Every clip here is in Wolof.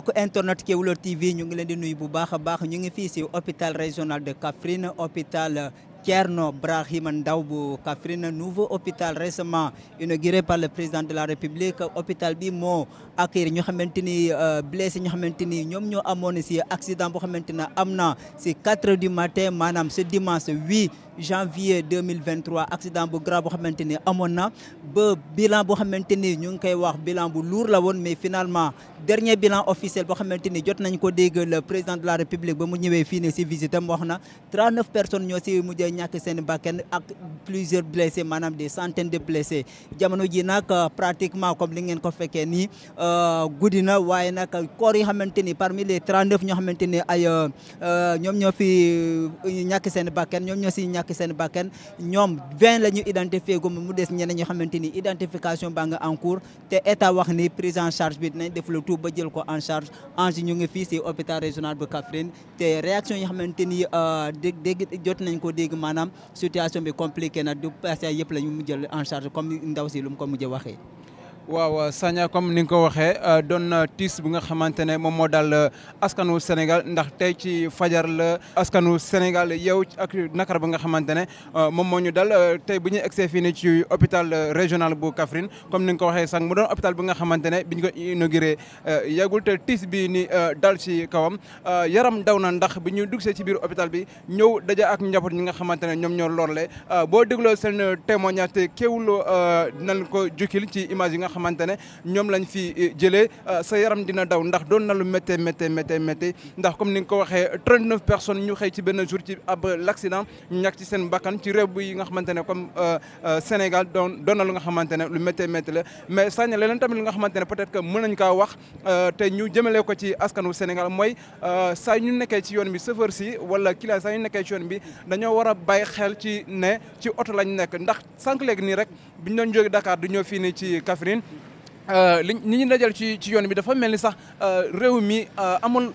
mbokk internet Kewoulo TV ñu ngi leen di nuyu bu baax a baax ñu ngi fii si hôpital régional de kafrine hôpital Kierno Brahima Ndawbu Kafrine nouveau hôpital récemment inauguré par le président de la République hôpital bi mo accueillir ñu xamanteni euh, blessé ñu xamanteni ñom ñoo amone ci accident C'est xamante amna ci 4 h du matin manam ce dimanche 8 janvier 2023 accident bu grave boo xamante ni ba bilan bo xamanteni ñu ngi koy wax bilan bu lourd la won mais finalement dernier bilan officiel bo xamanteni jot nañ ko dégg le président de la république ba mu ñëwé fi né si visite am wax 39 personnes ñoo ci mujjee ñak seen bakken ak plusieurs blessés manam des centaines de blessés jamono ji nak euh, pratiquement comme li ngeen ko fekkee ni euh na waaye nak koor yi xamanteni parmi les 39 ñoo xamanteni ay euh, euh ñom ñoo fi euh, ñak seen bakken ñom ñoo ci ñak ñàkk seen bakkan ñoom 20 la ñu identifié gum mu des ñeneen ñoo xamante ni identification baa nga en cours te état wax ni prise en charge bi dinañ def le ba jël ko en charge ange ñu ngi fii si hôpital régional bu Kaffrine te réaction yi xamante ni euh, dégg dégg jot nañ ko dégg maanaam situation bi compliqué na du passé yëpp la ñu mu jël en charge comme ndaw si lu mu ko mujjee waxee waaw euh, Sagna comme ni nga ko waxee euh, doon na tiis bi nga xamante ne moom moo daal euh, askanu Sénégal ndax tey ci fajar askanu Sénégal yow ak nakar ba nga xamante ne moom moo ñu dal tey bu ñu egsee fii nii ci hôpital régional bu Kaffrine comme ni nga ko waxee sànq mu doon hôpital bu nga xamante ne bi ñu ko inauguré yàggul te tiis bi ni dal ci kawam yaram daw na ndax bi ñu dugsee ci biir hôpital bi ñëw daja ak njaboot ñi nga xamante ne ñoom ñoo lorle boo dégloo seen témoignage te kéwul ko jukil ci image yi nga xamante ne ñoom lañ fi eh, jëlee eh, sa yaram dina daw ndax doon na lu méttee méttee méttee ndax comme ni nga ko waxee 39 personnes ñu xëy ci benn jour ci ab l'accident ñàkk ci seen bakkan ci réew yi nga xamante ne eh, Sénégal doon lu nga xamante ne lu méttee méttee la mais sànni leneen tamit lu nga xamante ne peut-être que mën nañ kaa wax te ñu jëmale ko ci askanu Sénégal mooy saa ñu nekkee ci yoon bi chauffeur si wala client saa ñu nekkee ci yoon bi dañoo war a xel ci ne ci oto lañ nekk ndax sànq léegi nii rek ne euh, ni ñu dajal ci ci yoon bi dafa mel ni sax euh, réew mi euh, amul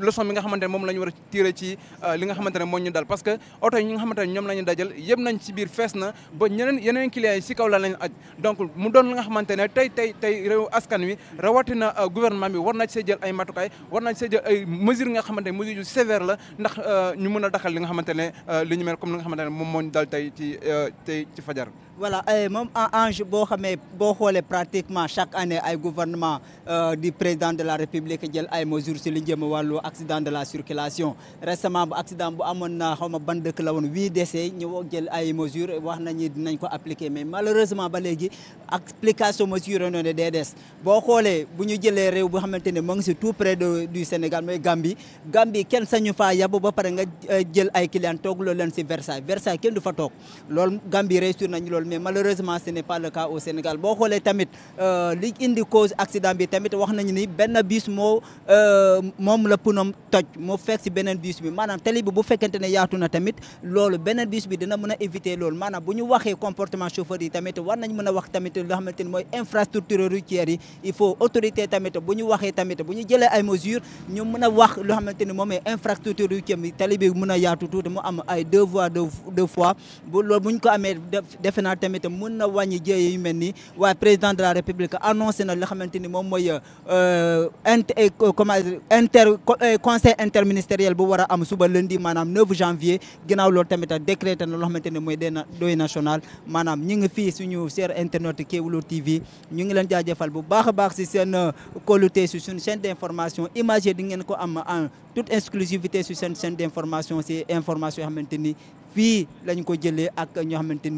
leçon bi nga xamantene mom lañu wara tiré ci euh, li nga xamantene ne ñu dal parce que auto yi ñi nga xamantene ñom lañu dajal yëpp nañ ci biir fees na ba ñeneen yeneen client yi si kaw la lañ aj donc mu doon li nga xamantene tay tay tay tey askan wi rawatina euh, gouvernement bi war na ci jël ay matukay war na ci jël ay mesure nga xamantene mesure mesures yu sévères la ndax euh, ñu mëna a daxal li nga xamantene li ñu mel comme li nga xamantene mom moom ñu dal tay ci tay ci fajar voilà moom ange bo xamé bo xolé pratiquement chaque année ay gouvernement euh du président de la république jël ay mesures ci li jëm walu accident de la circulation récemment accident bu amoon na xaw ma ban dëkk la woon huit décès ñu jël ay mesures wax nañu dinañ ko appliquer mais malheureusement balégi léegi application mesure noonu dee des boo xoolee bu ñu jëlee réew bu xamante ne moo ngi si tout près du Sénégal mooy Gambie Gambie kenn sañu faa yabu ba pare nga euh, jël ay clients toog loolu leen si Versailles Versailles kenn du fa toog loolu Gambie réussir nañu loolu mais malheureusement ce n'est pas le cas au Sénégal boo xoolee tamit euh, li indi cause accident bi tamit wax nañu ni benn bus moo euh, moom la bunam toj mu fekk si beneen bus bi manam tali bi bu fekkante ne yaatu na tamit lolu benen bus bi dina mën a éviter loolu maanaam bu ñu comportement chauffeur yi tamit war nañ mën wax tamit lo xamanteni moy infrastructure routière yi il faut autorité tamit buñu ñu tamit buñu jëlé ay mesures ñu mën wax lo xamanteni momé infrastructure routière yi tali bi mën yaatu tout mu am ay deux voies de deux fois bu lolu buñ ko amé defe tamit mën wañi wàññi yu melni wa président de la république annoncé na lo xamanteni mom moy euh inter euh, comment inter euh, conseil interministériel bu wara am suba lundi manam 9 janvier ginaaw loolu tamit décrété na loo xamante ne mooy national manam ñu ngi fii suñu cher internet Kéwoulo TV ñu ngi leen jaajëfal bu baax a baax ci sen euh, kóolute si suñu chaîne d'information information imagé di ngeen ko am en toute exclusivité sur seen chaîne d'information. C'est information yoo fi lañ ko jëlé ak ñoo xamante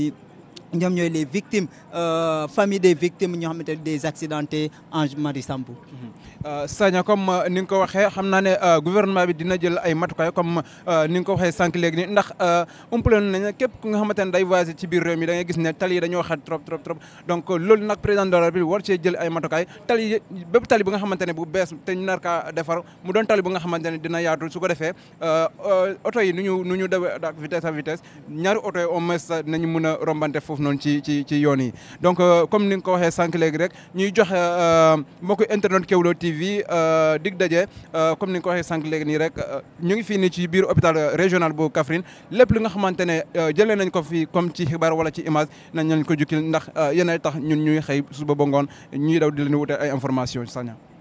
ñoom ñoy les victimes euh famille des victimes ñoo xamanté des accidentés en Marie Sambou. euh saña comme euh, ni nga ko waxee xam naa euh, gouvernement bi dina jël ay matukay comme euh, ni nga ko waxee sànq léegi nii ndax umpale nañu képp ku nga xamanté ne day voyagé ci biir réew mi da ngay gis né tali yi dañoo xat trop trop trop donc lool nak président de la République war ci jël ay matukay tali bëpp tali bi nga xamanté bu bees té ñu narka défar mu doon tali bu nga xamanté dina yaatu su ko défé euh auto yi nuñu nuñu nu vitesse à vitesse ñaari auto yi au moins dinañu mëna rombanté rombante noonu ci ci ci yoon yi donc euh, comme ni nga ko waxee sànq léegi rek ñuy jox euh, mbokku internet Kéwoulo TV euh, dig daje comme ni nga ko waxee sànq léegi nii rek ñu ngi fii nii ci biir hôpital régional bu Kaffrine lépp li nga xamante ne jëlee nañ ko fii comme ci xibaar wala ci image nañ leen ko jukkil ndax yéen tax ñun ñuy xëy suba ba ngoon ñuy daw di leen wute ay information saña